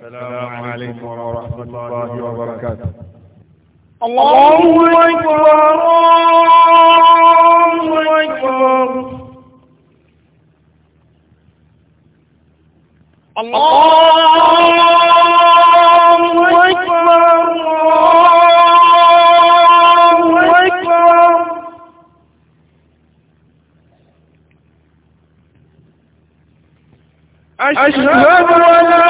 السلام عليكم ورحمة الله وبركاته الله أكبر الله أكبر الله أكبر الله أكبر أشهد أن لا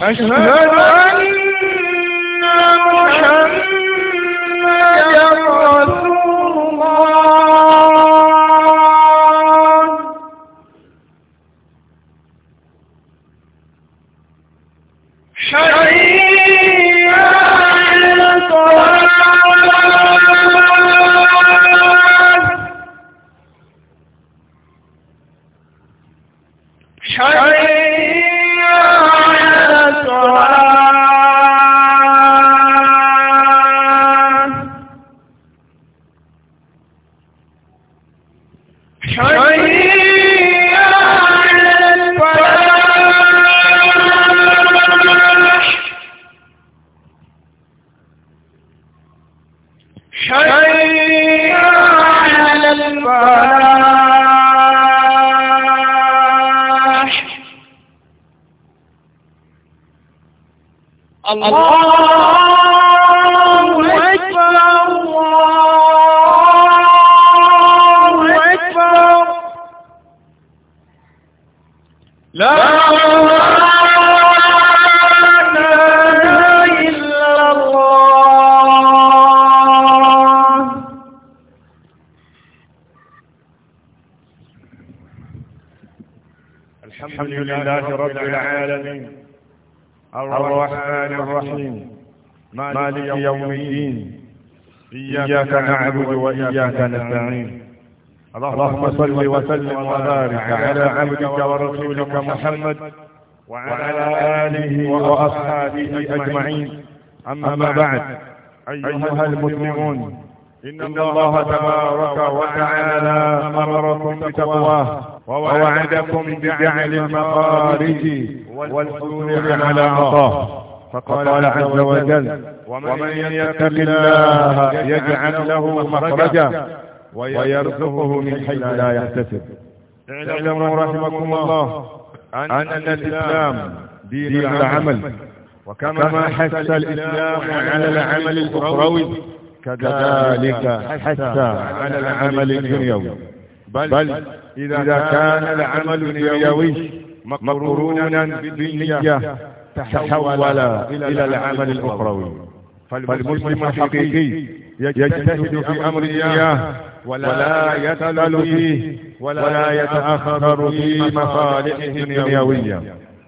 Mas, Mas não, não, não. China الدين إياك نعبد وإياك نستعين اللهم صل وسلم وبارك على عبدك ورسولك محمد وعلى آله وأصحابه أجمعين أما بعد أيها المسلمون إن الله تبارك وتعالى أمركم بتقواه ووعدكم بجعل المخارج والحصول على عطاه فقال عز وجل ومن يتق الله يجعل له مخرجا ويرزقه من حيث لا يحتسب اعلموا رحمكم الله أن الإسلام دين العمل وكما حث الإسلام على العمل الأخروي كذلك حث على العمل الدنيوي بل إذا كان العمل الدنيوي مقرونا بالنية تحول إلى العمل الأخروي فالمسلم الحقيقي يجتهد في أمر الله ولا يتلل فيه ولا يتأخر في مصالحه الدنيوية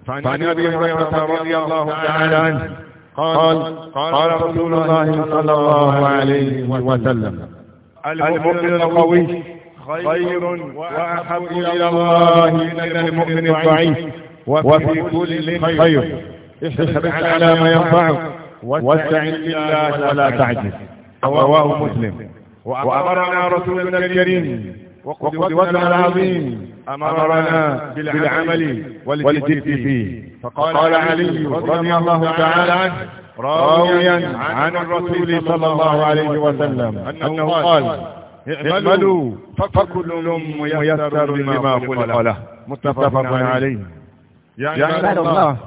فعن أبي هريرة رضي الله تعالى عنه قال قال رسول الله صلى الله عليه وسلم المؤمن القوي خير وأحب إلى الله من المؤمن الضعيف وفي كل خير احرص على ما ينفعك واستعن بالله ولا تعجز رواه مسلم وأمرنا رسولنا الكريم وقدوتنا العظيم أمرنا بالعمل والجد فيه فقال علي رضي الله تعالى عنه راويا عن الرسول صلى الله عليه وسلم أنه قال اعملوا فكل ميسر لما خلق له متفق عليه يعني عباد الله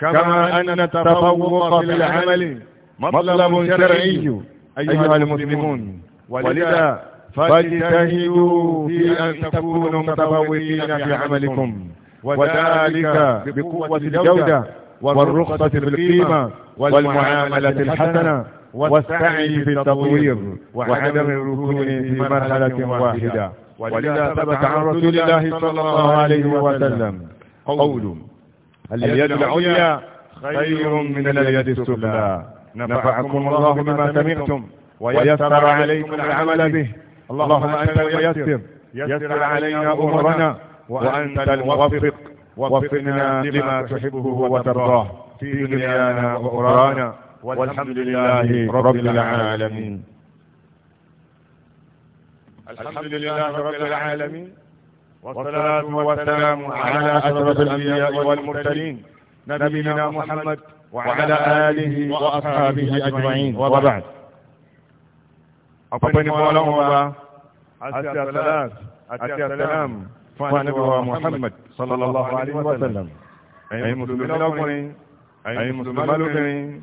كما أن التفوق في العمل مطلب شرعي أيها المسلمون ولذا فاجتهدوا في أن تكونوا متفوقين في عملكم وذلك بقوة الجودة والرخصة في القيمة والمعاملة الحسنة والسعي في التطوير وعدم الركون في مرحلة واحدة ولذا ثبت عن رسول الله صلى الله عليه وسلم قول اليد العليا خير من اليد السفلى نفعكم الله بما سمعتم ويسر عليكم العمل به اللهم انت الميسر يسر علينا امرنا وانت الموفق وفقنا لما تحبه وترضاه في دنيانا واخرانا والحمد لله رب العالمين الحمد لله رب العالمين والصلاة والسلام على أشرف الأنبياء والمرسلين نبينا محمد وعلى آله وأصحابه أجمعين وبعد أقبل الله أتي السلام أتي السلام فنبي محمد صلى الله عليه وسلم أي مسلم الأولين أي مسلم الأولين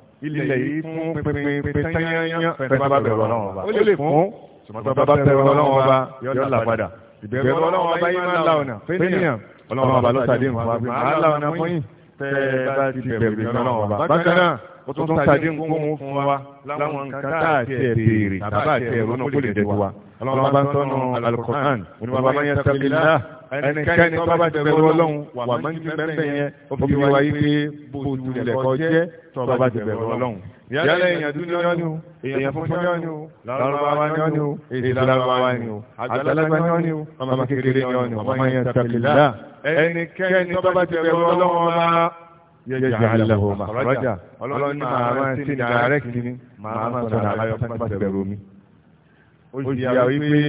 ilẹ̀ yìí fún pínpín tányányán fẹ́ntẹ́ bá bẹ̀rù ọlọ́run ọba ó lè fún ṣùgbọ́n bá bẹ̀rù ọlọ́run ọba yóò là padà ìbẹ̀rù ọlọ́run ọba yìí máa ń la ọ̀nà fẹ́nìyàn ọlọ́run ọba ló sàdé nǹkan àgbẹ̀ máa la ọ̀nà fún yìí tẹ́ ẹ bá ti bẹ̀rù ìbẹ̀rù ọlọ́run ọba bákan náà ó tún sàdé nǹkan fún wa láwọn nǹkan tá àti ẹ̀ béèrè tàbá àti ẹ̀ ronú kó lè dẹ̀ wa ọlọ́run ẹnikẹ́ni tó bá ti bẹ̀rù ọlọ́run wà máa ń ti bẹ́ẹ̀ yẹn ó fi wá yí pé bójú ilẹ̀ kọ jẹ́ tó bá ti bẹ̀rù ọlọ́run. yálẹ̀ èèyàn dúdú yọ ni o èèyàn funfun yọ ni o lárúbáwá yọ ni o èdè lárúbáwá ni o àgbàlagbà yọ ni o ọmọ kékeré yọ ni o ọmọ yẹn tàbílà. ẹnikẹ́ni tó bá ti bẹ̀rù ọlọ́run ọba yẹjẹ alahu makaraja ọlọ́run ní màá máa ti ní ààrẹ kìíní màá máa sọ̀rọ̀ àlàyé ọ̀pọ̀ tó bẹ̀rù mi. ó yà wípé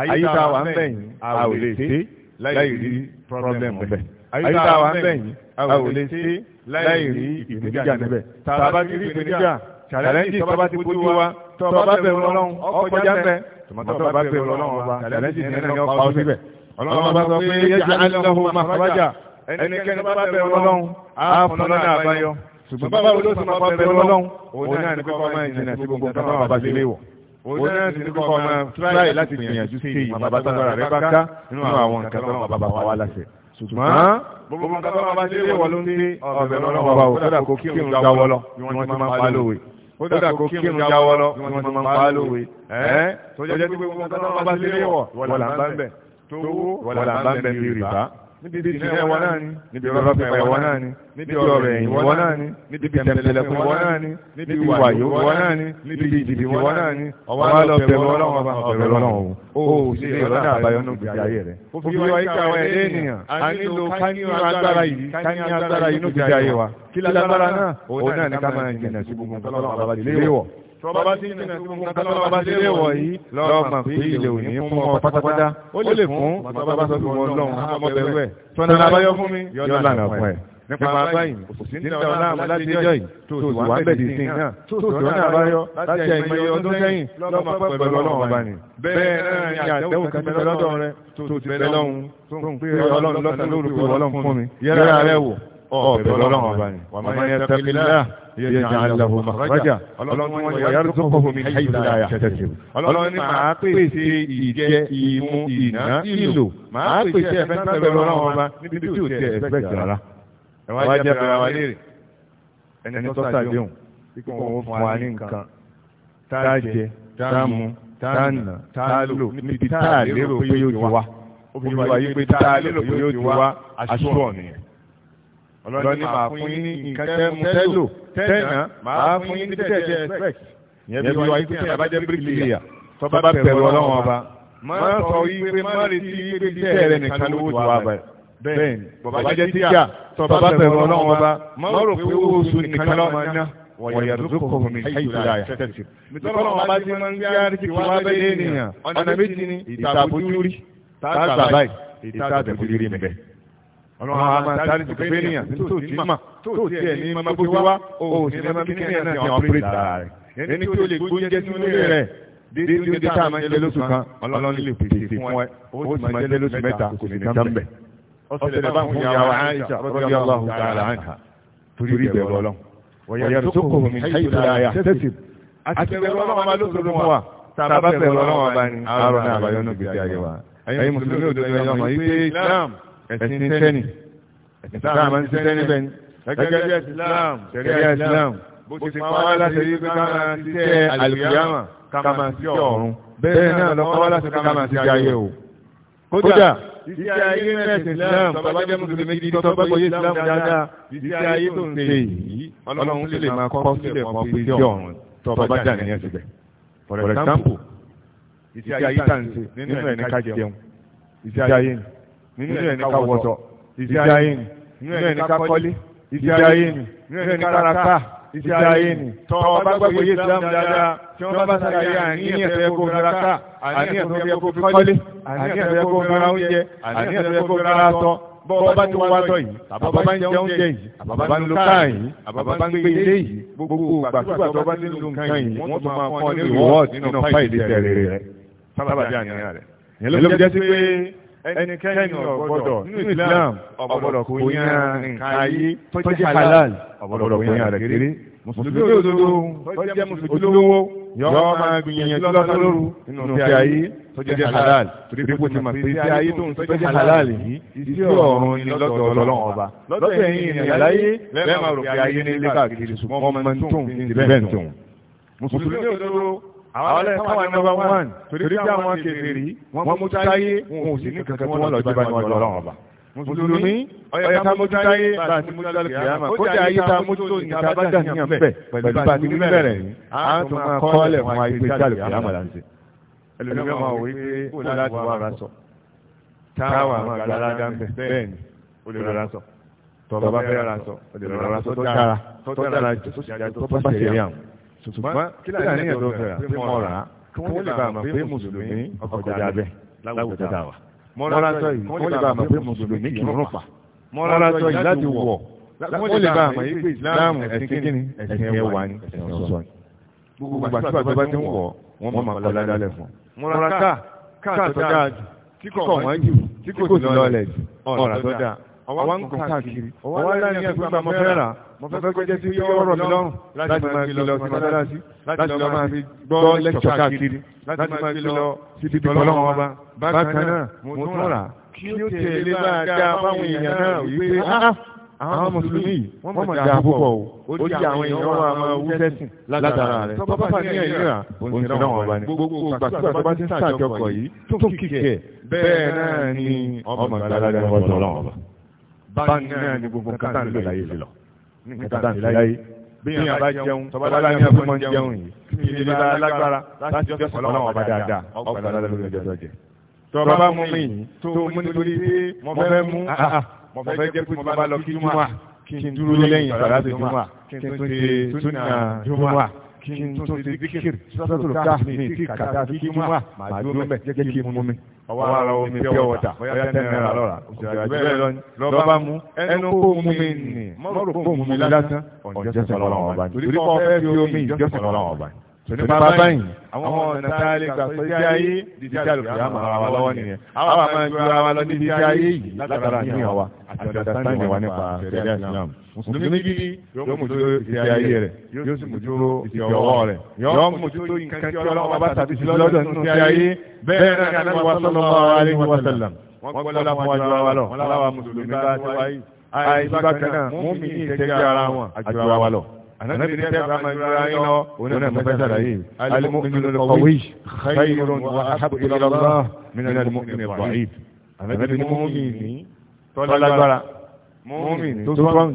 ayé wà ń bẹ̀yìn a ò lè dé láì rí problem bẹ́ẹ̀ àyíká àwọn bẹ́yìn a ò lè ṣe láì rí ìpèníjà níbẹ̀ tàbá ti rí ìpèníjà challenge tọ́ba ti bójú wa tọ́ba bẹ̀rù ọlọ́run ọkọjá bẹ́ẹ̀ tọ́ba bẹ̀rù ọlọ́run ọba challenge ní ẹni ọkọ̀ ọ̀sùn bẹ̀ ọlọ́run ọba sọ pé yẹ́sì aláhùn máa fọwájà ẹnikẹ́ni bá bẹ̀rù ọlọ́run á fọlọ́ náà báyọ ṣùgbọ́n báwo ló sì máa bẹ̀rù ọlọ́run òun náà ní kọ́kọ́ máa ń jìnnà sí gbogbo nǹkan náà bá ti léwọ̀ òun náà sì ní kọ́ ọmọ tíráì láti gbìyànjú sí èyí bàbá tágbára rẹ bá ká nínú àwọn nǹkan tó wọn bàbá wa láṣẹ. ṣùgbọ́n gbogbo nǹkan tó wọn bá ṣe wọ ló ń dé ọbẹ̀ lọ́wọ́ bàbá o kódà kó kírun jáwọ́ lọ ni wọ́n ti máa ń pa lówe kódà kó kírun jáwọ́ lọ ni wọ́n ti máa ń pa lówe ẹ̀ tó jẹ́ pé gbogbo nǹkan tó wọn bá ṣe wọ̀ wọ́n là ń bá ń bẹ̀ tó wó wọ́n là ń bá ń bẹ̀ bí rìbá níbi ìsìnà ẹ̀wọ̀n náà ni níbi ọ̀rọ̀ pípa ẹ̀wọ̀n náà ni níbi ọ̀rọ̀ ẹ̀yìn wọn náà ni níbi tẹ̀m̀pẹ̀lẹ̀kùn wọn náà ni níbi wàyó wọn náà ni níbi ìdìbì wọn náà ni ọwọ́ lọ bẹ̀rù ọlọ́run ọba ọ̀bẹ̀rù ọlọ́run o ò sí ìrọ̀lẹ́ àbáyọ nù bí ayé rẹ̀. ó fi wá ike àwọn ẹ̀dẹ́ ènìyàn a nílò káyín agbára yìí káyín agbára yìí nù bí ayé wa kí lágbára náà òun náà ní ká máa jìnnà sí gbogbo tọ́ba tí ń jìnnà sí gbogbo nǹkan tọ́ba bá délé wọ̀ yìí lọ́ọ́ mà pé ilé ò ní fún ọ pátápátá ó lè fún tọ́ba sọ fún ọlọ́run ọmọbẹ̀rù ẹ̀ tọ́nà abáyọ fún mi yọ lànà fún ẹ̀ nípa abáyìí òsì ní ìdáwọ́ náà mọ́ láti ẹjọ́ yìí tó sì wà bẹ̀dì sí náà tó sì ọ̀nà abáyọ láti àìmọye ọdún sẹ́yìn lọ́mọ pẹ̀lú ọlọ́run ọba ni bẹ́ẹ̀ náà ni àdéhùn kan tẹ́lẹ̀ lọ́dọ̀ rẹ tó ti bẹ̀rẹ̀ lọ́hùn tó ń pè ọlọ́run lọ́sàn-án lórúkọ ọlọ́run fún mi yẹ́rẹ́ rẹ wò ọ̀bẹ̀ lọ́lọ́run ọba ni wà máa yẹ tẹ́kílá yẹ jẹ́ àlàbò màkàrájà ọlọ́run wọn yà rẹ̀ tó kọ́ mi ní ìlàyà tẹ̀sí. ọlọ́run ní màá pèsè ìjẹ ìmu ìná ìlò màá pèsè ẹ̀fẹ́ sábẹ̀ lọ́lọ́run níbi tí ò tẹ ẹ̀fẹ́ jàrá. ẹ wá jẹ́ bẹ̀rẹ̀ wa léèrè ẹni tó sàdéhùn tí kò fún wa ní nǹkan tá jẹ tá a mu nà tá lò níbi tá a lérò pé yóò ti wá. ó fi wáyé ọlọ́run ní màá fún yín ní nǹkan tẹ́mu tẹ́lò tẹ́nà màá fún yín ní tẹ́jẹ́ expect ìyẹn bí wọ́n yí pé abájẹ́ bíríkìlìyà tó bá bẹ̀rù ọlọ́run ọba má sọ yí pé má retí yí pé iṣẹ́ rẹ nìkan ló wòjú wa bẹ̀ bẹ́ẹ̀ ni bàbá jẹ́ tíyà tó bá bẹ̀rù ọlọ́run ọba má rò pé owó oṣù nìkan lọ́mọ náà wọ̀yẹ̀dùkọ̀ọ̀mù ní àìsíra ẹ̀sẹ̀tì. Nítorí wọn bá ti máa ń gbé àríkì wọn bá bẹ́ẹ̀ ní ọ̀nà méjì ní ìtàbójúrí, tààzà báyìí, ìtàbójúrí mẹ́bẹ̀ ọlọ́run àwọn máa sáré ti pé nìyàn tó ti mà tó ti ẹ̀ ní mọ́mọ́ gbogbo wa o ò sì ní mọ́mọ́ kíkẹ́ ẹ̀ náà ti hàn pírẹ́tì ara rẹ̀ ẹni tí ó lè gbóúnjẹ sínú ilé rẹ̀ dídí oúnjẹ tá a máa jẹ lóṣù kan ọlọ́run lè pèsè fún ẹ ó sì máa jẹ lóṣù mẹ́ta kò sì ní tán bẹ̀. ọ̀sẹ̀lẹ̀ bá fún yàrá Aisha radiyallahu ta'ala anha torí ìbẹ̀rù ọlọ́run wọ̀yẹ̀rù tó ẹ̀sìn sẹ́ni ẹ̀sìn sáà máa ń sẹ́ni bẹ́ẹ̀ ni gẹ́gẹ́ bí Islam gẹ́gẹ́ bí Islam bó ti pa wá láti rí pé ká máa ti tẹ́ àlùkìyàmà ká máa ti tẹ́ ọ̀run bẹ́ẹ̀ náà lọ́kọ́ wá láti ká máa ti ayé o. kódà ìdí ayé mẹ́sì Islam tọ́bajẹ́ mùsùlùmí gidi tó bá Islam dáadáa ìdí ayé tó ń ṣe yìí ọlọ́run sì lè máa kọ́ sílẹ̀ kọ́ pé tẹ́ ọ̀run tọ́ba jà nìyẹn síbẹ̀. for example ìdí ayé tá à ń ṣe nínú ẹ̀ ní ká jẹun ìdí ayé ni nínú ẹ̀ ní ká wọ̀tọ̀ ìṣe ayé ni nínú ẹ̀ ní ká kọ́lé ìṣe ayé ni nínú ẹ̀ ní ká raka ìṣe ayé ni tọ́ ọba gbàgbọ́ yé ìsìlámù dáadáa tí wọ́n bá ṣàlàyé àníyàn tó yẹ kó fi raka àníyàn tó yẹ kó fi kọ́lé àníyàn tó yẹ kó fi ra oúnjẹ àníyàn tó yẹ kó fi ra aṣọ bọ́ọ̀ bá ti wá tọ̀ yìí àbábá ń jẹ oúnjẹ yìí àbábá ń lo káà yìí àbábá ń gbé ilé yìí gbogbo ìgbàkúgbà tó bá ti lu nǹkan yìí wọ́n tún máa kọ́ ní rìwọ́ọ̀dì nínú fáìlì tẹ̀rẹ̀ rẹ̀ sábàbí àníyàn rẹ̀. ìyẹn ló jẹ́ sí pé ẹnikẹ́ni ọ̀gbọ́dọ̀ nínú Islam ọ̀gbọ́dọ̀ kò yan nǹkan ayé tó jẹ́ halal ọ̀gbọ́dọ̀ kò yan rẹ̀ kéré mùsùlùmí òdodo tó jẹ́ mùsùlùmí olówó yọ máa gbìyànjú lọ́sàn lóru nínú ti ayé tó jẹ́ halal torí pé kò ti mà pé ti ayé tó ń tó jẹ́ halal yìí iṣẹ́ ọ̀run ni lọ́dọ̀ ọlọ́run ọba lọ́dọ̀ ẹ̀yin ìyàláyé lẹ́ẹ̀ máa rò pé ayé ní káàkiri ṣùgbọ́n ọmọ àwọn ẹ̀ káwọn nọ́mbà one torí bí àwọn kèfèrí wọ́n mú táyé wọn ò sì ní kankan tí wọ́n lọ jọba ní ọjọ́ ọlọ́run ọba mùsùlùmí ọ̀yà ká mú táyé bá a ti mú táyé kìámà ó jẹ́ ayé tá a mú tó ní ká bá dà níyàn bẹ́ẹ̀ pẹ̀lú bá a ti ní bẹ̀rẹ̀ yìí á tún máa kọ́lẹ̀ wọn ayé pé jáde kìámà là ń ṣe. ẹlòmíràn máa wọ wípé kó láti wá ara sọ ṣùgbọ́n kí làníyàn tó fẹ́ rà pé mo rà lè bá a mọ̀ pé mùsùlùmí ọkọ̀ jà bẹ́ẹ̀ láwùjọ dà wà mọ́rátọ́ yìí kí lè bá a mọ̀ pé mùsùlùmí kì í rún pa mọ́rátọ́ yìí láti wọ̀ wọ́n lè bá a mọ̀ pé ìsìláàmù ẹ̀sìn kíni ẹ̀sìn ẹwà ni ẹ̀sìn ọ̀sọ́ ni gbogbo àtúbà tó bá ti ń wọ̀ wọ́n mọ̀ kọ́ lálẹ́ fún mọ́rátà káàtọ́ dáa jù tí wọ́n jù tí sí lọ́ọ̀lẹ̀ ọwọ́ ń kàn káàkiri ọwọ́ láàrin ní ẹgbẹ́ mo fẹ́ rà mo fẹ́ kó jẹ́ sí yọ ọ̀rọ̀ mi lọ́rùn láti máa fi lọ sí mọ́tálásí láti lọ máa fi gbọ́ lẹ́kṣọ̀ káàkiri láti máa fi lọ sí ibi ọlọ́run ọba bákan náà mo tún rà kí ó tiẹ̀ lé bá a dá báwọn èèyàn náà wípé ah, àwọn mùsùlùmí wọ́n mọ̀ dáa púpọ̀ o ó di àwọn èèyàn wọn àmọ́ owó sẹ́sìn látara rẹ̀ tó bá ní ẹ̀yìn rà òǹtẹ̀ náà wọ́n bá ní gbogbo gbàgbà tó bá ti ń sàjọkọ̀ yìí tó kìkẹ̀ bẹ́ẹ̀ náà ni ọmọ ìgbàlódé wọn sọ̀rọ̀ wọn bá báńkì ni gbogbo nǹkan tá à ń lò láyé sí lọ bíyàn bá jẹun tọ́bálá ní ọdún máa ń jẹun yìí kí ni bá lágbára láti jọ́ sọ̀rọ̀ láwọn ọba dáadáa ọ̀pẹ̀lẹ̀ lọ́dún ọjọ́ jẹ. tọ́ba mú mi tó mú nítorí pé mo fẹ́ mú ah, ah, mo fẹ́ jẹ́ pé mo bá lọ kí júmọ́ kí n dúró lẹ́yìn sàrátì júmọ́ kí n tún ṣe túnà júmọ́ kí n tún ṣe díkìrì sọ́tò káàfì ní tí kàtà sí kí mú à máa dúró mẹ́ jẹ́ kí mú mi ọwọ́ ara omi pure water bóyá ten naira lọ́ra òṣèlú bẹ́ẹ̀ lọ́ba mú ẹnu kó mú mi nì mọ́rò kó mú mi lásán ọ̀jọ́sìn lọ́wọ́ ọba nítorí kọ́ fẹ́ fi omi ìjọ́sìn lọ́wọ́ ọba ní tònípa báyìí àwọn ọ̀nà tá a lè gbà pé iṣẹ́ ayé dídí tí àlùkò yà máa wà lọ́wọ́ nìyẹn àwọn àmà ju ara wa lọ níbi iṣẹ́ ayé yìí látara ní ìyàwó àti ọ̀dàtàn ìwà nípa ṣẹ̀ríà Islam mùsùlùmí gidi yóò mú dúró iṣẹ́ ayé rẹ̀ yóò sì mú dúró iṣẹ́ ọwọ́ rẹ̀ yóò mú dúró nǹkan tí ọlọ́wọ́ bá tàbí sí lọ́dọ̀ nínú iṣẹ́ ayé bẹ́ẹ̀ náà ni wọ́n sallallahu alaihi ànábì ní tẹ́gbà máa yọra yín lọ òun náà fẹ́ sàlàyé alimu'minu al-qawiyy khayrun wa ahabbu ila Allah min alimu'minu ad-da'if ànábì ní mọ́mìnì tọ́lágbára mọ́mìnì tó strong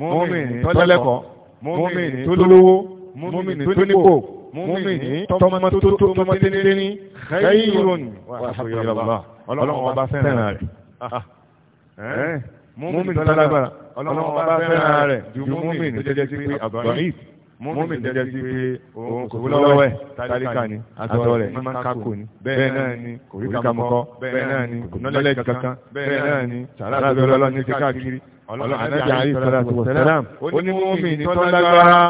mọ́mìnì tọ́lẹ́kọ̀ọ́ mọ́mìnì tó lówó mọ́mìnì tó nípò mọ́mìnì tọ́mọ́tótó tọ́mọ́ténéní khayrun wa ahabbu ila Allah ọlọ́run ọba fẹ́ràn rẹ̀ ah múmi tó lágbára ọlọ́run bá fẹ́ràn rẹ̀ ju múmi tó jẹ́jẹ́ sí pé àbáyé múmi tó jẹ́jẹ́ sí pé òun kò lọ́wọ́ tálíkà ni àtọ́ rẹ̀ ní máa ń kákò ni bẹ́ẹ̀ náà ni kò rí bẹ́ẹ̀ náà ni nọ́lẹ̀ kankan bẹ́ẹ̀ náà ni sàrà àbẹ̀rẹ̀ ọlọ́run ní ti káàkiri ọlọ́run àdájà àyè sọ́dà tó wọ̀ sẹ́lám ó ní múmi tó lágbára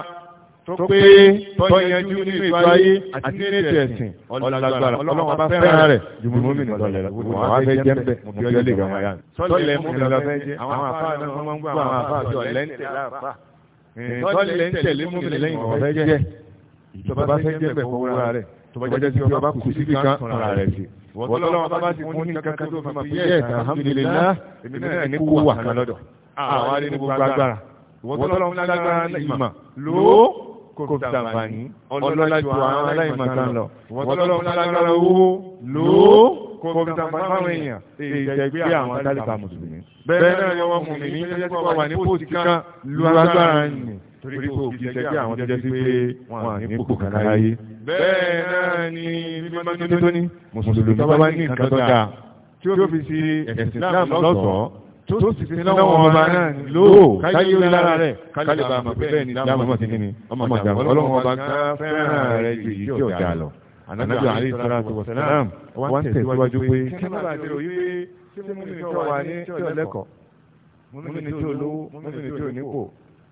tó pé tọ́yanjú nínú ètò ayé àti nínú ètò ẹ̀sìn ọ̀làgbàrà ọlọ́run bá fẹ́ràn rẹ̀ ju mùmínì lọ́lẹ̀ lọ́wọ́ àwọn afẹ́ jẹ́ mbẹ́ mo bí ọ lè gbà wọ́n yá. sọ́lẹ̀ mú mi lọ fẹ́ jẹ́ àwọn àfáà náà wọ́n máa ń gbọ́ àwọn àfáà jọ lẹ́ńtẹ̀ láàfáà. sọ́lẹ̀ ń tẹ̀lé mú mi lẹ́yìn ọ̀fẹ́ jẹ́ ìjọba fẹ́ jẹ́ bẹ̀ fọwọ́ra rẹ̀ tọ́bajẹ́ tí ọba kù síbi kan ọ̀rà rẹ̀ sí. wọ́n lọ́wọ́ bá bá ti mú ní kankan tó fi máa fi yẹ́ ẹ̀ka alhamdulillah èmi náà ní kú wà kan lọ́dọ̀. àwọn adé ní gbogbo agbára. wọ́n lọ́wọ́ lágbára ìmọ̀ lóò kò fi sàǹfààní ọlọ́lá ju àwọn aláìmọ̀kan lọ wọ́n tọ́lọ́ fún lágbára owó lòó kò fi sàǹfààní fáwọn èèyàn èyí jẹ́ pé àwọn tálíkà mùsùlùmí. bẹ́ẹ̀ náà ni wọ́n mú mi ní jẹ́jẹ́ pé wà ní pòtì kan lu agbára yìí torí pé òbí jẹ́ pé àwọn jẹ́ sí pé wọ́n à ní pòpò kan láyé. bẹ́ẹ̀ náà ni mímọ́ tónítóní mùsùlùmí tó bá ní nǹkan tó dáa tí ó fi sí ẹ̀sìn Islam lọ́sọ̀ọ́ tó sì sí lọ́wọ́ ọba náà ní lóò káyé orí lára rẹ̀ kálíbà àmọ̀ pé bẹ́ẹ̀ ni dáàmú ọmọ sí kíni ọmọ ìjàmbá ọlọ́run ọba fẹ́ràn rẹ̀ ju èyí tí ọ̀gá lọ. ànábì àlè ìsọ́ra tó wọ̀sẹ̀ náà wọ́n ń tẹ̀síwájú pé kí wọ́n bá ti rò yíwé tí mo ní tó wà ní tí ò lẹ́kọ̀ọ́ mo ní tó lówó mo ní tó nípò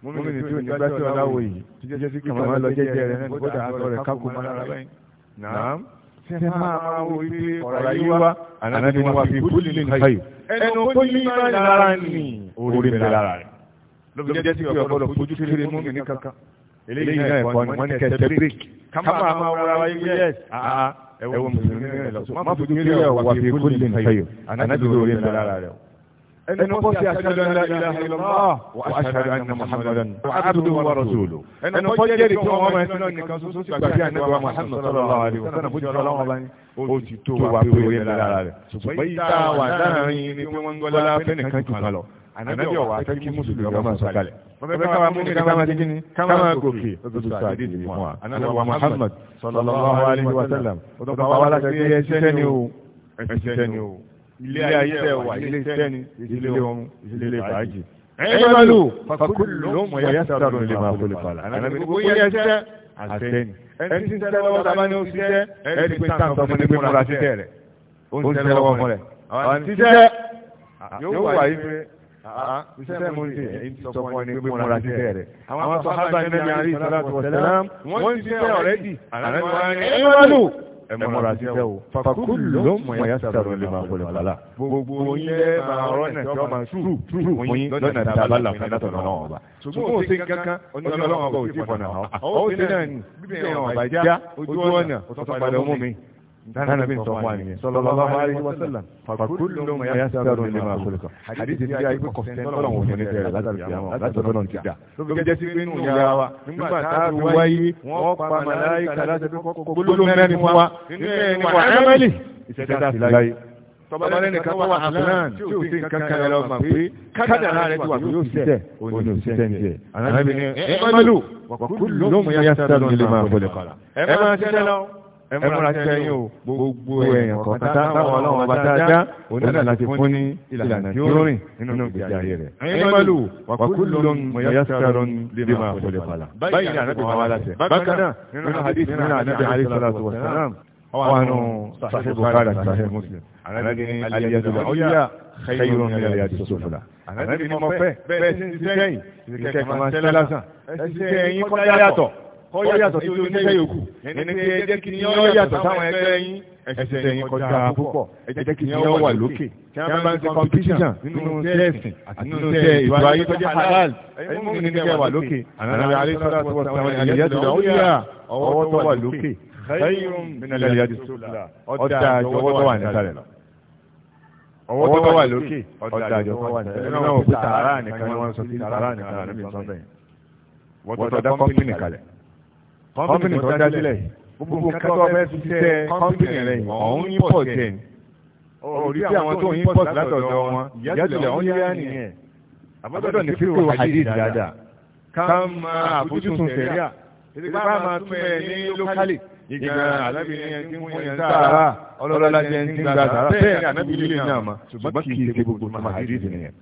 mo ní tó nígbà tí ọ̀láwọ̀ yìí tó jẹ́ sí kí màmá lọ jẹ́jẹ́ rẹ̀ náà gbọ́dọ̀ àtọ̀ rẹ̀ kákó mọ́ lára báyìí nàám ṣe máa wọ ibi ọ̀rọ̀ yìí wá ànábì wọn fi kú lílé nìkan ẹnu kó ní máa ń lára ní orí ń bẹ lára rẹ̀ ló fi jẹ́ sí ọ̀pọ̀lọpọ̀ fojú kéré mú mi ní kankan eléyìí náà ẹ̀kọ́ ni wọ́n ní kẹsẹ̀ break kámá máa wọra wáyé yẹ́s ẹ̀wọ̀n mùsùlùmí náà lọ má fojú kéré ọ̀wà fi kó lè nìkẹyọ̀ ànájú ẹni kọ́ sí ashhadu an la ilaha illallah wa ashhadu anna muhammadan abduhu wa rasuluhu ẹni kọ́ jẹ́rìí tí wọ́n máa ń sinọ́ nìkan ṣoṣo sí gbàgbé ànágbà muhammad sallallahu alaihi wa sallam bójú ọlọ́wọ́ bá ní o ti tó wa pé orí ẹ̀ lára rẹ̀ ṣùgbọ́n yìí tá a wà láàrin ni pé wọ́n ń gbọ́lá fẹ́nìkan jù lọ ànábì ọ̀wà fẹ́ kí mùsùlùmí ọmọ sọ̀kalẹ̀ ọbẹ̀ káwa mú ní káwa ti kí ni káwa gòkè ọdún àdìdì fún wa ànábì wa muhammad sallallahu alaihi wa sallam ọdún bá wa láti ẹ̀ṣẹ̀ ni o ẹ̀ṣẹ̀ ni o ilé ayé ẹwà ilé iṣẹ́ ni ilé ọrùn ilé fàájì. ẹ̀yẹ́mọ̀lù fakulu ló mọ̀ yá sọ̀rọ̀ lè máa fọlẹ̀ fàlà ànàmì gbogbo yẹ iṣẹ́ àtẹ́ni ẹni tí ń tẹ́lẹ̀ wọ́n sábà ní oṣù jẹ́ ẹni pé sáà sọmọ ní múra sí tẹ̀ rẹ̀ ó ń tẹ́lẹ̀ wọ́n mọ̀ rẹ̀. àwọn tíṣẹ́ yóò wà yí pé iṣẹ́ mo ti sọ fún ẹni pé múra sí rẹ̀. àwọn sọ ẹmọra ṣiṣẹ́ o fakulu ló mọ ẹyà sàrò lè máa kọlẹ̀ wàhálà gbogbo yín lẹ máa rọnà tí wọn máa sùúrù sùúrù fún yín lọ́nà tí a bá là fún ẹ̀dá náà ọba ṣùgbọ́n ó ṣe kankan onídọ́lọ́wọ́n ọba ò tí ì fọ̀nà ọ́ ó náà ní bíbélì ọ̀bàjá ojú ọ̀nà ọ̀tọ̀ padà mú mi tánà bí n sọ fún àníyàn sallallahu alaihi wasallam fàkúlù ló mọ yàtọ̀ àrùn ilé máa kọlùkọ àdìsí ní ayé kọfẹ tọlọ wọn fún ní bẹ̀rẹ̀ látàrí àmọ́ láti ọdọ náà ti dà lókè jẹ sí pínú ya wa nígbà tá a fi wáyé wọn pa màláyíkà láti fi kọkọ gbólóhùn mẹ́rin fún wa nínú ẹni wà ẹmẹlì ìṣẹjẹ tá a fi láyé tọ́balẹ̀ nìkan wà àfúnán tí ò sí nǹkan kan lọ mà pé kádàrá rẹ ti wà pé yóò ṣiṣẹ́ òní ò ṣiṣẹ́ nìyẹn. àná mi ni ẹ máa lò wàkùn lóhùn yàtọ̀ àrùn ilé máa kọlùkọ ẹ máa ṣiṣẹ́ lọ ẹ múra sẹ́yìn o gbogbo èèyàn kọ̀ọ̀kan táwọn ọlọ́run bá dáadáa onílà láti fún ní ìlànà tí ó rìn nínú ìgbésí ayé rẹ̀. ẹ̀yìnbálò wàkúlù ló ń mọ̀yá sáré lè máa fọlẹ̀ fàlà. báyìí ni ànábì máa wá láṣẹ. bákan náà nínú hadith nínú ànábì alayhi wa salam wàánu sahih bukhari àti sahih muslim. ànábì ni aliyadu la kọ́ yàtọ̀ sí oníṣẹ́ yòókù ẹni pé ẹ jẹ́ kí ni yọ yàtọ̀ sáwọn ẹgbẹ́ yín ẹsẹ̀ yín kọjá púpọ̀ ẹ jẹ́ kí ni yọ wà lókè kí wọ́n bá ń ṣe competition nínú sẹ́ẹ̀sì àti nínú sẹ́ẹ̀ ìlú ayé tó jẹ́ halal ẹni mú mi ní kẹ́ wà lókè ànàbẹ́ alẹ́ sọ́dọ̀ tó wọ́n sàwọn àlẹ́yẹ́ tó lọ́wọ́ ọwọ́ tó wà lókè khayrun min al-yadi sufla ọ̀dà ọwọ́ tó wà nísàlẹ̀ lọ ọwọ́ tó wà lókè ọ̀dà àjọ kan wà ní ẹ̀rọ náà òkúta ara nìkan ni wọ́n sọ sí ara nìkan àdébìsọ́bẹ̀ wọ́n tọ́ dá kọ́mpìnì kalẹ̀ kọ́mpìnì tó dá sílẹ̀ gbogbo nǹkan tó fẹ́ fi ṣiṣẹ́ kọ́mpìnì rẹ̀ ọ̀hún yín pọ̀ jẹ́ orí tí àwọn tó yín pọ̀ sí látọ̀dọ̀ wọn ìyátulẹ̀ ọ̀hún yá nìyẹn àbọ̀dọ̀ ní fíkò hadith dáadáa ká máa àbójútó sẹ̀ríà ìdíkà máa tún ẹ ní lókálì ìgbà alábìnrin ẹni mú yẹn sára ọlọ́lọ́lá jẹ́ ẹni gba sára bẹ́ẹ̀ ni ànábì líle náà ma ṣùgbọ́n kì í ṣe gbogbo tó máa hadith nìyẹn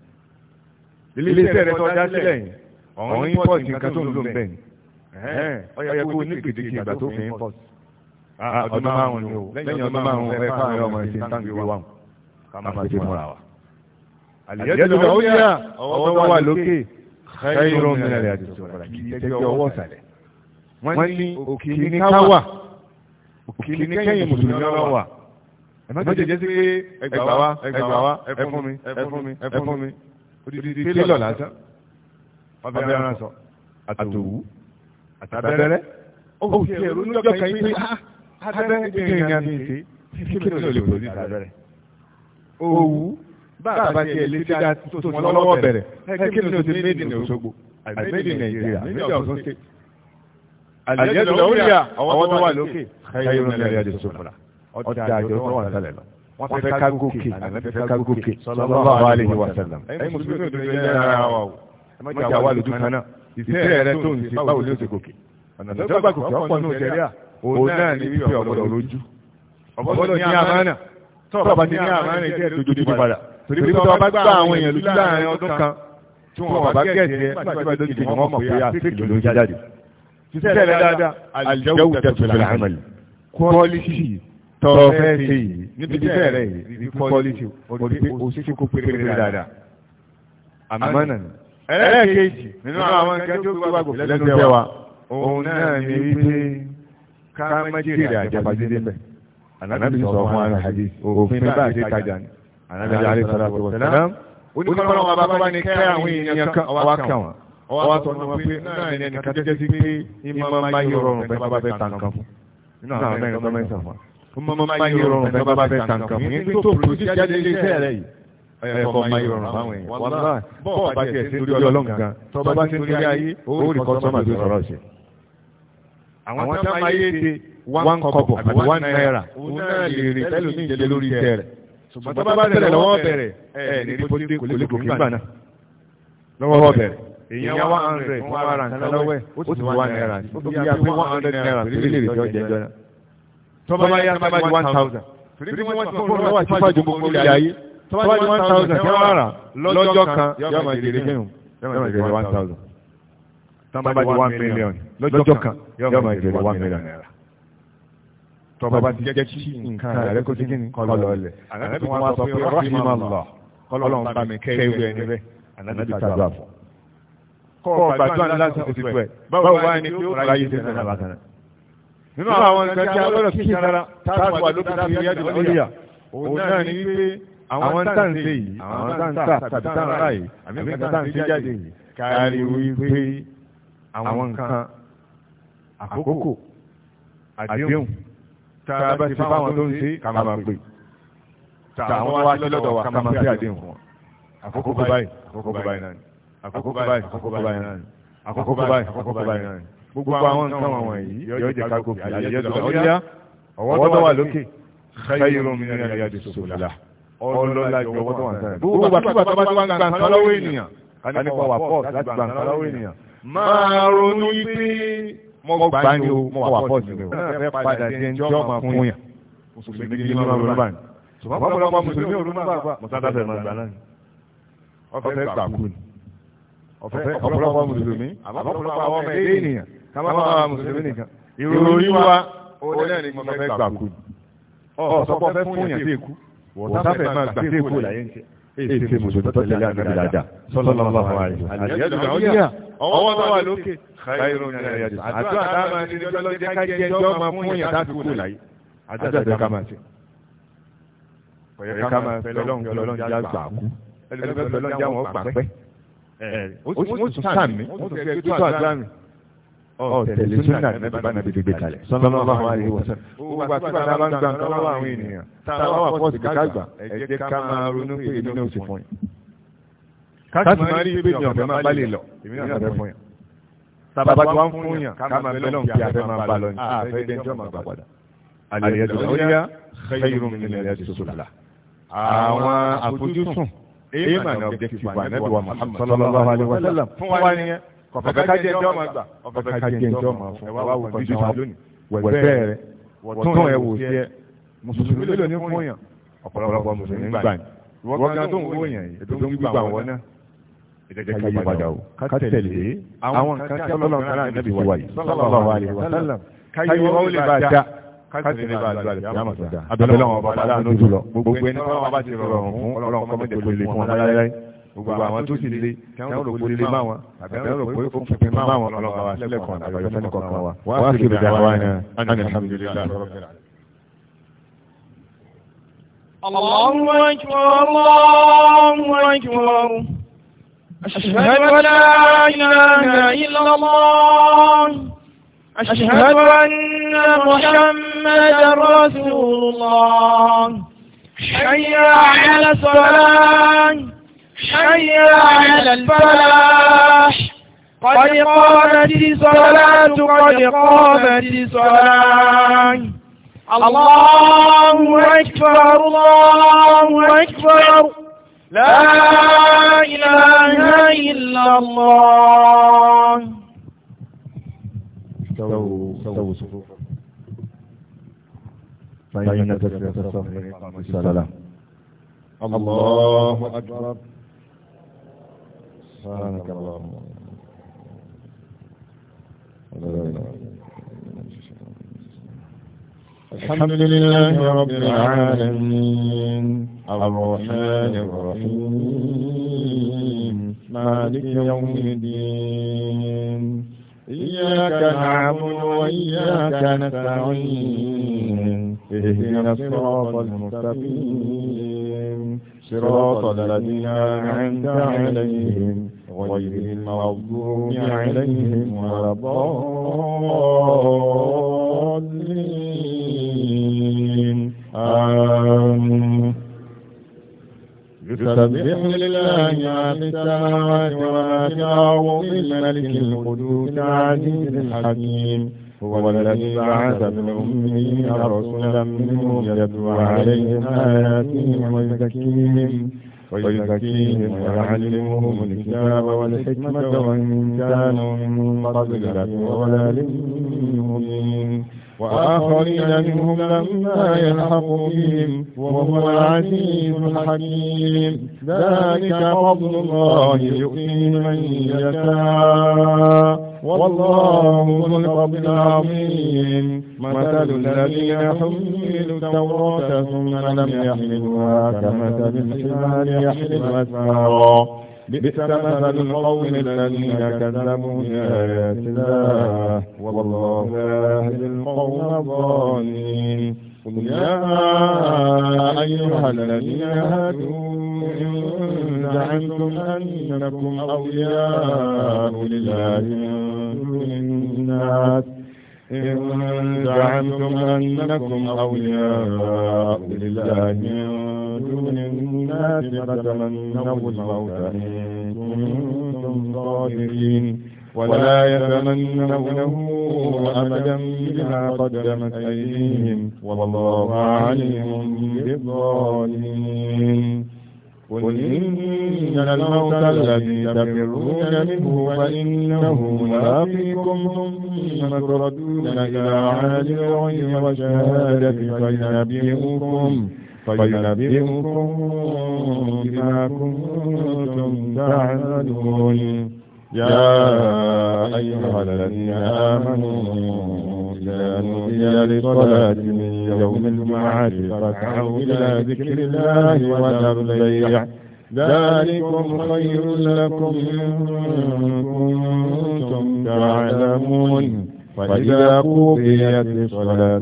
ilé iṣẹ́ rẹ̀ tó ọyẹ kó ní gbèdéke ìgbà tó fi ń pọ̀ ah, ọdún márùn ni o lẹ́yìn ọdún márùn ẹ káàárọ̀ ọmọ ẹ̀sìn táǹkì wà wọn ká máa ṣe múra wa. àlìyẹ́dùn náà ó yà ọwọ́ wà lókè káyọ̀ rọ̀ mìíràn rẹ̀ àdìsọ̀ rẹ̀ kì í tẹ́jọ́ ọwọ́ sàlẹ̀. wọ́n ní òkè ní káwà òkè ní kẹ́yìn mùsùlùmí ọ̀rọ̀ wà. ẹ má jẹjẹ sí pé ẹgbà wa ẹgbà wa ẹ fún mi ẹ fún mi ẹ fún mi odidi télọ̀ lásán ọbẹ̀ aránsọ àtòwú àtàbẹ́rẹ́ ó ti ẹ̀rọ níjọ́ kan yìí pé abẹ́rẹ́ ìgbìyànjú ìyá mi ṣe kí ni olè pẹ̀lú àtàbẹ́rẹ́ òwú bàbá ti ẹ̀ létí dá tó sùn wọn lọ́wọ́ bẹ̀rẹ̀ ẹ kí ni o ti méjì ní Òṣogbo àìméjì Nàìjíríà méjì Ọ̀ṣun ṣe àlìyẹ́dùn lọ́wọ́lẹ́yà ọwọ́ tó wà lókè ẹ̀yọ́ ìrìnlẹ̀ ẹ̀dẹ̀ sọ̀rọ̀ ọjà àjọ tó wà lálẹ́ lọ wọ́n fẹ́ ká gòkè àlẹ́ fẹ́ ká gòkè sallallahu alaihi wa sallam ẹ̀yin mùsùlùmí ò iṣẹ́ rẹ tó ń ṣe báwo ni ó ṣe gòkè ọ̀nà gòkè ọ̀pọ̀ ní òjẹ̀rí à òun náà ní wípé ọ̀gbọ̀dọ̀ lójú ọ̀gbọ̀dọ̀ ní àmánà tó bá ti ní àmánà iṣẹ́ rẹ lójú ti padà torí pé bá gbà àwọn èèyàn lójú láàrin ọdún kan tí wọn bá gẹ̀ẹ́sì ẹ nígbà tí wọn lójú ti mọ̀ pé àfíìkì ló ń jáde iṣẹ́ rẹ dáadáa àlùjáwù tẹ̀sílẹ̀ àmàlì ṣe yìí ṣe kó péré dáadáa àmánà ni. ẹlẹ́ẹ̀kejì nínú àwọn nǹkan tó gbé wàgbò lẹ́gbẹ̀ẹ́ wa òun náà ní wípé ká méjìlè àjàbàjẹ́dẹ́ ànábì sọ fún ara àdé òfin bá àti ìtajà ní ànábì àti sọ̀rọ̀ àti wọ̀sẹ̀lá. ó ní kọ́lọ́ bá bá ní kẹ́ àwọn èèyàn kan ọwá kan wọn ọwá sọ fún wọn pé náà ní ẹnì kan jẹ́ sí pé ìmọ̀ máa yí rọrùn bẹ́ẹ̀ bá bẹ́ẹ̀ tàn fún. nínú àwọn mẹ́rin tó ẹ̀kọ́ máa yọrùn fáwọn èèyàn wọn náà bọ́ọ̀ bá tiẹ̀ sí nítorí ọlọ́run gan tó bá sí nítorí ayé owó ní kọ́sọ́mà tó sọ̀rọ̀ ṣe. àwọn tí wọ́n máa yé de one kọ́bọ̀ àbí one naira òun náà lè rìn tẹ́lù ní ìjẹ́ lórí tẹ́ rẹ̀ ṣùgbọ́n tó bá tẹ̀lẹ̀ lọ́wọ́ bẹ̀rẹ̀ ẹ̀ ní pọ́ńdé kò lè gòkè gbà náà lọ́wọ́ bẹ̀rẹ̀ èèyàn one hundred one naira nǹkan lọ́wọ́ ẹ̀ ó sì one naira ó fi yá pé one hundred naira pèlè lè jọ jẹjọ náà. tọ́ba yá tọ́ba di one thousand. torí bí wọ́n ti fọ́ fún wa ti fọ́ ju gbogbo ilé ayé tọ́wọ́ di one thousand kí wọ́n rà lọ́jọ́ kan yóò máa jèrè kí yóò máa jèrè one thousand tọ́wọ́ di one million lọ́jọ́ kan yóò máa jèrè one million naira tọba ti jẹ kí nǹkan rẹ kó ti kíni kọlọ lẹ anabi wọn sọ pé rahimahullah kọlọrun bá mi kẹ ìwé ẹni bẹ anabi tàdúrà fún. kọ́ gbàdúrà ní láti ti tu báwo wá ní pé ó kúra yìí tẹ̀sán nínú àwọn nǹkan tí a gbọ́dọ̀ kí sára táàbù àlóbi ti yá lóríyà òun náà ní pé àwọn táǹsì yìí àwọn táǹsà tàbí táǹsà yìí àbí nǹkan táǹsì jáde yìí kárí wípé àwọn nǹkan àkókò àdéhùn tá a bá ti fáwọn tó ń ṣe ká máa pè tá àwọn wá sí lọ́dọ̀ wa ká máa pè àdéhùn wọn àkókò báyìí àkókò báyìí náà àkókò báyìí àkókò báyìí náà àkókò báyìí àkókò báyìí náà gbogbo àwọn nǹkan wọn yóò jẹ ká gòkè àyẹ̀yẹ̀ tó ọ̀yá tó wà lókè ṣáyé lómi ní ẹ̀yà àdìsòfò là ọlọ́lá ju owó tó wà nísàlẹ̀. gbogbo bàtúbà tó bá ti wá ń gbàǹtà lọ́wọ́ ènìyàn kánípa wà pọ̀ láti gbàǹtà lọ́wọ́ ènìyàn. máa ronú pé mo gbà ní o mo wà pọ̀ sí o ẹ padà jẹ ń jọ́ máa fún yàn. mùsùlùmí kí ló máa ronú báyìí. ṣùgbọ́n ọ̀pọ̀lọpọ̀ mùsùlùmí ò ronú báyìí. mùsàdá fẹ́ máa gbà náà ni. ọ̀fẹ́ gbà kú ni. ọ̀pọ̀lọpọ̀ mùsùlùmí àbọ̀pọ̀lọpọ̀ àwọn ọmọ ẹ̀dẹ́ ènìyàn káwọn àwọn mùsùlùmí nìkan. ìròyìn wa ó náà ni mo fẹ́ gbà kú ni. ọ̀ sọ́kọ́ fẹ́ fún yàn sí èkú wọ́táfẹ́ máa gbà sí èkó láyé ń tẹ́ èsì mùsùlùmí tọ́tẹ̀ lé àgbà dada sọ́lọ́lọ́ bá wà ní. àdìyàdù náà yíyà ọwọ́ bá wà lókè káyọ̀rọ̀ ní àdìyàdù. àdúrà tá a máa ṣe níjọ́ lọ́jọ́ kájẹ́ ẹjọ́ máa fún yàn láti kú láyé. àdúrà tó ká máa ṣe. ọ̀yẹ́ ká máa fẹ́ lọ́n jẹ́ lọ́n já gbà kú. ẹlẹ́fẹ́ lọ́n já wọn gbà pẹ́. ó sì sàn mí ó sì fẹ́ ọ̀tẹ̀lẹ̀ súnà nẹ́bí bá nàbí gbé kalẹ̀ sallallahu alaihi wasallam. Gbogbo àti bàbá bá ń gbà nǹkan lọ́wọ́ àwọn ènìyàn tá a wà pọ̀ sí ká gbà ẹ jẹ́ ká máa ronú pé èmi náà sì fún yín. Káàtì máa rí pé mi ọ̀fẹ́ máa bá lè lọ, èmi náà fẹ́ fún yín. Bàbá tí wọ́n fún yàn ká máa bẹ́ lọ́n fi àfẹ́ máa bá lọ ní àfẹ́ dẹ́njọ́ máa gbà padà. Àlẹ́yẹ̀dọ̀ lọ́yà khayrun min al-yadi sufla. Àwọn àfojúsùn, èèmà náà jẹ́ wà nẹ́bí wa Muhammad sallallahu alaihi wasallam fún wa nìyẹn kọ̀fẹ́ ká jẹ́ ǹjọ́ máa gbà kọ̀fẹ́ ká jẹ́ ǹjọ́ máa fún ẹ̀wá wò kọ́jú wa lónìí wẹ̀fẹ́ rẹ wọ̀tún ẹ̀ wò sí ẹ mùsùlùmí ló ní fún yàn ọ̀pọ̀lọpọ̀ mùsùlùmí gbà o ká tẹ̀lé àwọn nǹkan tí ọlọ́run kan náà níbi wà yìí sallallahu alaihi wa sallam gbogbo àwọn tó sì le táwọn rò pé lè má wọn àbí àwọn rò pé fún pípín má wọn حي على الفلاح قد قامت الصلاة قد قامت الصلاة الله أكبر الله أكبر لا إله إلا الله استووا استووا صفوفكم فإن تسلية الصف لإقامة الصلاة الله أكبر سبحانك اللهم الحمد لله رب العالمين الرحمن الرحيم مالك يوم الدين إياك نعبد وإياك نستعين اهدنا الصراط المستقيم صراط الذين أنعمت عليهم غير المغضوب عليهم ولا الضالين آمين يسبح لله ما في السماوات وما في الأرض الملك القدوس العزيز الحكيم هو الذي بعث في الأمين رسولا منهم يدعو عليهم آياتهم ويزكيهم ويزكيهم ويعلمهم الكتاب والحكمة وإن كانوا من قبل لفي ضلال مبين وآخرين منهم لما يلحقوا بهم وهو العزيز الحكيم ذلك فضل الله يؤتيه من يشاء والله ذو الفضل العظيم مثل الذين حملوا التوراة ثم لم يحملوها كمثل الحمار يحمل أسفارا بئس مثل القوم الذين كذبوا بآيات الله والله لا يهدي القوم الظالمين قل يا أيها الذين هادوا إن زعمتم أنكم أولياء لله من الناس إن زعمتم أنكم أولياء لله من دون الناس فتمنوا الموت إن كنتم صادقين ولا يتمنونه أبدا بما قدمت أيديهم والله عليم بالظالمين قل إن الموت الذي تفرون منه فإنه ملاقيكم ثم تردون إلى عالم الغيب والشهادة فينبئكم فينبئكم بما كنتم تعملون يا أيها الذين آمنوا إذا نودي للصلاة من يوم المعاد فاسعوا إلى ذكر الله وذروا البيع ذلكم خير لكم إن كنتم تعلمون فإذا قضيت الصلاة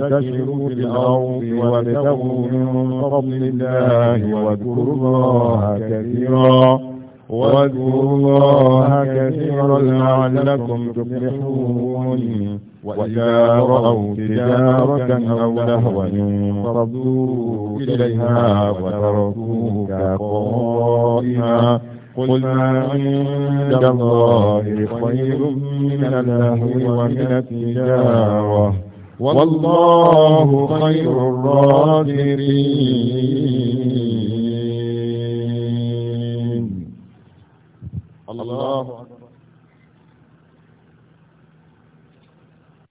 فانتشروا في الأرض وابتغوا من فضل الله واذكروا الله كثيرا واذكروا الله كثيرا لعلكم تفلحون وإذا رأوا تجارة أو لهوا انقضوا إليها وتركوك قائما قل ما عند الله خير من اللهو ومن التجارة والله خير الرازقين الله